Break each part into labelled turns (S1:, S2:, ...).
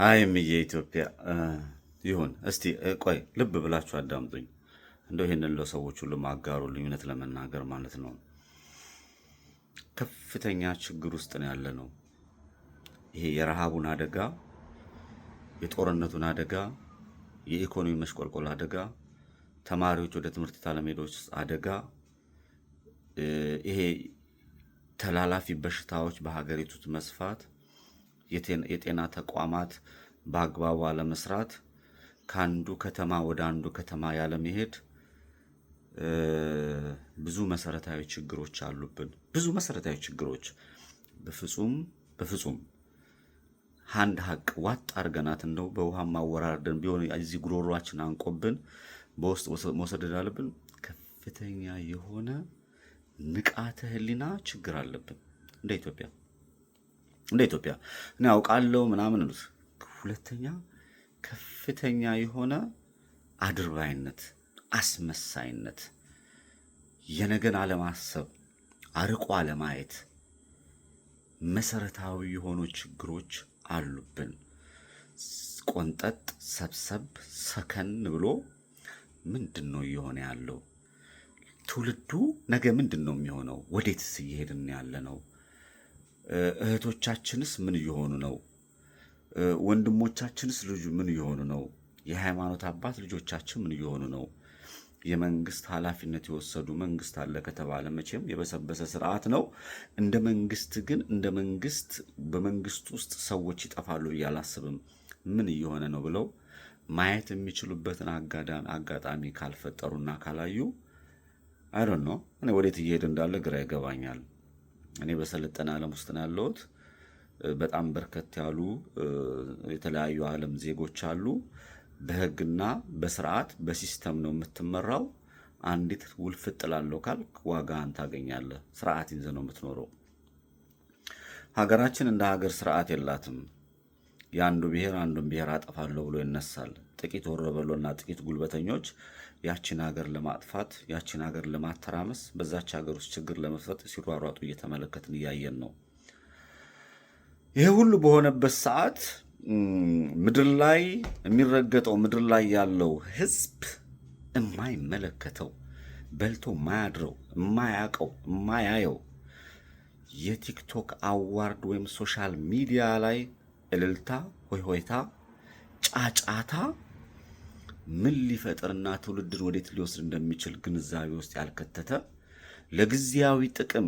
S1: ሀይምዬ ኢትዮጵያ ይሁን። እስቲ ቆይ ልብ ብላችሁ አዳምጡኝ። እንደው ይህንን ለሰዎች ሁሉ ማጋሩ ልዩነት ለመናገር ማለት ነው። ከፍተኛ ችግር ውስጥ ነው ያለ ነው። ይሄ የረሃቡን አደጋ፣ የጦርነቱን አደጋ፣ የኢኮኖሚ መሽቆልቆል አደጋ፣ ተማሪዎች ወደ ትምህርት ታለመሄዶች አደጋ፣ ይሄ ተላላፊ በሽታዎች በሀገሪቱ መስፋት የጤና ተቋማት በአግባቡ አለመስራት፣ ከአንዱ ከተማ ወደ አንዱ ከተማ ያለመሄድ ብዙ መሰረታዊ ችግሮች አሉብን። ብዙ መሰረታዊ ችግሮች በፍጹም በፍጹም አንድ ሀቅ ዋጥ አድርገናት እንደው በውሃ ማወራርደን ቢሆን እዚህ ጉሮሯችን አንቆብን በውስጥ መውሰድ እንዳለብን ከፍተኛ የሆነ ንቃተ ህሊና ችግር አለብን እንደ ኢትዮጵያ። እንደ ኢትዮጵያ እኔ አውቃለሁ ምናምን ሉት። ሁለተኛ ከፍተኛ የሆነ አድርባይነት፣ አስመሳይነት፣ የነገን አለማሰብ፣ አርቆ አለማየት መሰረታዊ የሆኑ ችግሮች አሉብን። ቆንጠጥ ሰብሰብ ሰከን ብሎ ምንድን ነው እየሆነ ያለው? ትውልዱ ነገ ምንድን ነው የሚሆነው? ወዴትስ እየሄድን ያለ ነው? እህቶቻችንስ ምን እየሆኑ ነው? ወንድሞቻችንስ ልጁ ምን እየሆኑ ነው? የሃይማኖት አባት ልጆቻችን ምን እየሆኑ ነው? የመንግስት ኃላፊነት የወሰዱ መንግስት አለ ከተባለ መቼም የበሰበሰ ስርዓት ነው። እንደ መንግስት ግን እንደ መንግስት በመንግስት ውስጥ ሰዎች ይጠፋሉ ብዬ አላስብም። ምን እየሆነ ነው ብለው ማየት የሚችሉበትን አጋጣሚ ካልፈጠሩና ካላዩ አይዶን ነው እኔ ወዴት እየሄድ እንዳለ ግራ ይገባኛል። እኔ በሰለጠነ ዓለም ውስጥ ነው ያለሁት። በጣም በርከት ያሉ የተለያዩ ዓለም ዜጎች አሉ። በህግና በስርዓት በሲስተም ነው የምትመራው። አንዲት ውልፍጥ ላለው ካልክ ዋጋህን ታገኛለህ። ስርዓት ይዘህ ነው የምትኖረው። ሀገራችን እንደ ሀገር ስርዓት የላትም። የአንዱ ብሔር አንዱን ብሔር አጠፋለሁ ብሎ ይነሳል። ጥቂት ወሮበሎና ጥቂት ጉልበተኞች ያችን ሀገር ለማጥፋት ያችን ሀገር ለማተራመስ በዛች ሀገር ውስጥ ችግር ለመፍጠጥ ሲሯሯጡ እየተመለከትን እያየን ነው። ይሄ ሁሉ በሆነበት ሰዓት ምድር ላይ የሚረገጠው ምድር ላይ ያለው ህዝብ የማይመለከተው በልቶ የማያድረው የማያውቀው የማያየው የቲክቶክ አዋርድ ወይም ሶሻል ሚዲያ ላይ እልልታ፣ ሆይሆይታ፣ ጫጫታ ምን ሊፈጥርና ትውልድን ወዴት ሊወስድ እንደሚችል ግንዛቤ ውስጥ ያልከተተ ለጊዜያዊ ጥቅም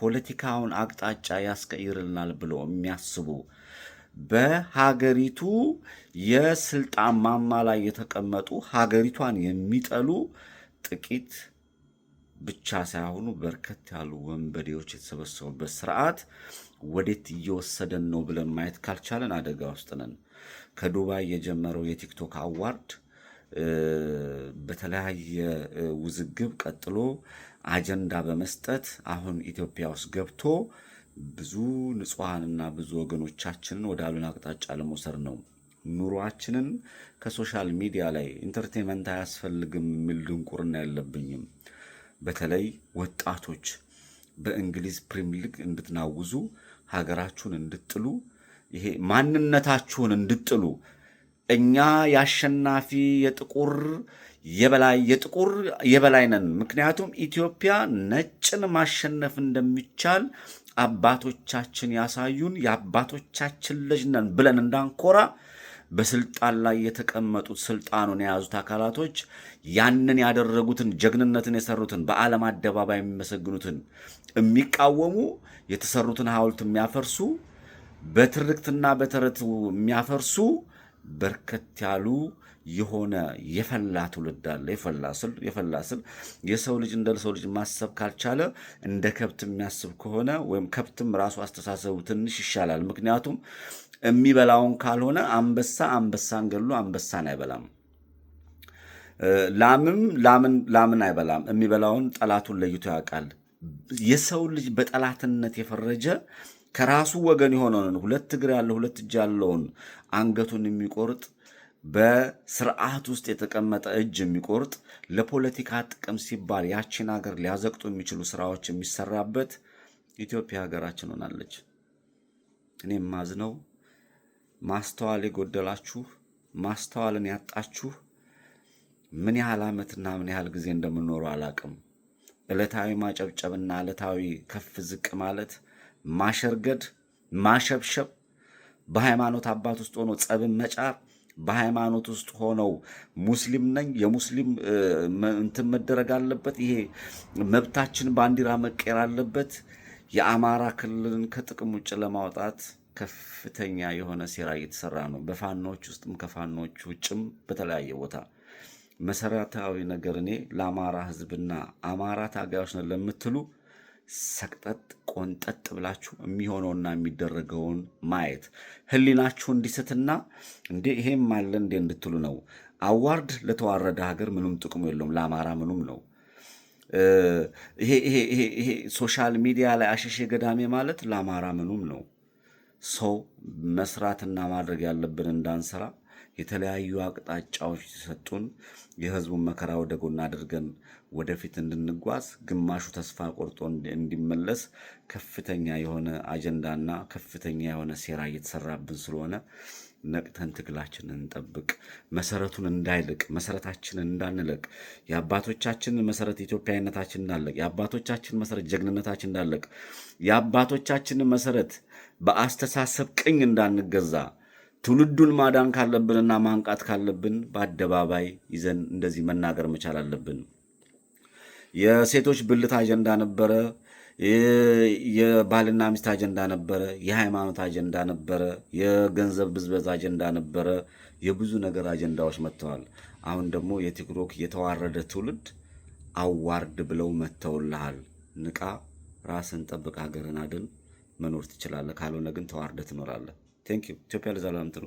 S1: ፖለቲካውን አቅጣጫ ያስቀይርልናል ብለው የሚያስቡ በሀገሪቱ የስልጣን ማማ ላይ የተቀመጡ ሀገሪቷን የሚጠሉ ጥቂት ብቻ ሳይሆኑ በርከት ያሉ ወንበዴዎች የተሰበሰቡበት ስርዓት ወዴት እየወሰደን ነው ብለን ማየት ካልቻለን አደጋ ውስጥ ነን። ከዱባይ የጀመረው የቲክቶክ አዋርድ በተለያየ ውዝግብ ቀጥሎ አጀንዳ በመስጠት አሁን ኢትዮጵያ ውስጥ ገብቶ ብዙ ንጹሐንና ብዙ ወገኖቻችንን ወደ አሉን አቅጣጫ ለመውሰድ ነው። ኑሯችንን ከሶሻል ሚዲያ ላይ ኢንተርቴንመንት አያስፈልግም የሚል ድንቁርና የለብኝም። በተለይ ወጣቶች በእንግሊዝ ፕሪሚየር ሊግ እንድትናውዙ ሀገራችሁን እንድጥሉ ይሄ ማንነታችሁን እንድጥሉ እኛ የአሸናፊ የጥቁር የበላይ የጥቁር የበላይ ነን። ምክንያቱም ኢትዮጵያ ነጭን ማሸነፍ እንደሚቻል አባቶቻችን ያሳዩን የአባቶቻችን ልጅ ነን ብለን እንዳንኮራ በስልጣን ላይ የተቀመጡት ስልጣኑን የያዙት አካላቶች ያንን ያደረጉትን ጀግንነትን የሰሩትን በዓለም አደባባይ የሚመሰግኑትን የሚቃወሙ የተሰሩትን ሐውልት የሚያፈርሱ በትርክትና በተረት የሚያፈርሱ በርከት ያሉ የሆነ የፈላ ትውልድ አለ። የፈላ ስል የፈላ ስል የሰው ልጅ እንደ ሰው ልጅ ማሰብ ካልቻለ እንደ ከብት የሚያስብ ከሆነ ወይም ከብትም ራሱ አስተሳሰቡ ትንሽ ይሻላል። ምክንያቱም የሚበላውን ካልሆነ አንበሳ አንበሳን ገሉ አንበሳን አይበላም። ላምም ላምን አይበላም። የሚበላውን ጠላቱን ለይቶ ያውቃል። የሰው ልጅ በጠላትነት የፈረጀ ከራሱ ወገን የሆነውን ሁለት እግር ያለው ሁለት እጅ ያለውን አንገቱን የሚቆርጥ በስርዓት ውስጥ የተቀመጠ እጅ የሚቆርጥ ለፖለቲካ ጥቅም ሲባል ያቺን ሀገር ሊያዘቅጡ የሚችሉ ስራዎች የሚሰራበት ኢትዮጵያ ሀገራችን ሆናለች። እኔ ማዝነው ማስተዋል የጎደላችሁ ማስተዋልን ያጣችሁ ምን ያህል ዓመትና ምን ያህል ጊዜ እንደምኖሩ አላቅም። ዕለታዊ ማጨብጨብና ዕለታዊ ከፍ ዝቅ ማለት ማሸርገድ፣ ማሸብሸብ፣ በሃይማኖት አባት ውስጥ ሆኖ ጸብን መጫር፣ በሃይማኖት ውስጥ ሆነው ሙስሊም ነኝ የሙስሊም እንትን መደረግ አለበት፣ ይሄ መብታችን ባንዲራ መቀየር አለበት፣ የአማራ ክልልን ከጥቅም ውጭ ለማውጣት ከፍተኛ የሆነ ሴራ እየተሰራ ነው። በፋኖች ውስጥም ከፋኖች ውጭም በተለያየ ቦታ መሰረታዊ ነገር እኔ ለአማራ ህዝብና አማራ ታጋዮች ነን ለምትሉ ሰቅጠጥ ቆንጠጥ ብላችሁ የሚሆነውና የሚደረገውን ማየት ህሊናችሁ እንዲስትና እንዴ ይሄም አለ እንዴ እንድትሉ ነው። አዋርድ ለተዋረደ ሀገር ምንም ጥቅሙ የለውም። ለአማራ ምኑም ነው። ይሄ ሶሻል ሚዲያ ላይ አሸሼ ገዳሜ ማለት ለአማራ ምኑም ነው። ሰው መስራትና ማድረግ ያለብን እንዳንሰራ የተለያዩ አቅጣጫዎች ሲሰጡን የህዝቡን መከራ ወደ ጎን አድርገን ወደፊት እንድንጓዝ ግማሹ ተስፋ ቆርጦ እንዲመለስ ከፍተኛ የሆነ አጀንዳና ከፍተኛ የሆነ ሴራ እየተሰራብን ስለሆነ ነቅተን ትግላችንን እንጠብቅ። መሰረቱን እንዳይልቅ መሰረታችንን እንዳንለቅ የአባቶቻችንን መሰረት ኢትዮጵያዊነታችን እንዳለቅ የአባቶቻችን መሰረት ጀግንነታችን እንዳለቅ የአባቶቻችንን መሰረት በአስተሳሰብ ቅኝ እንዳንገዛ ትውልዱን ማዳን ካለብንና ማንቃት ካለብን በአደባባይ ይዘን እንደዚህ መናገር መቻል አለብን። የሴቶች ብልት አጀንዳ ነበረ። የባልና ሚስት አጀንዳ ነበረ፣ የሃይማኖት አጀንዳ ነበረ፣ የገንዘብ ብዝበዝ አጀንዳ ነበረ። የብዙ ነገር አጀንዳዎች መጥተዋል። አሁን ደግሞ የቲክቶክ የተዋረደ ትውልድ አዋርድ ብለው መጥተውልሃል። ንቃ፣ ራስን ጠብቅ፣ ሀገርን አድን። መኖር ትችላለህ። ካልሆነ ግን ተዋርደ ትኖራለህ። ቴንክ ዩ ኢትዮጵያ ለዘላለም ትኑር።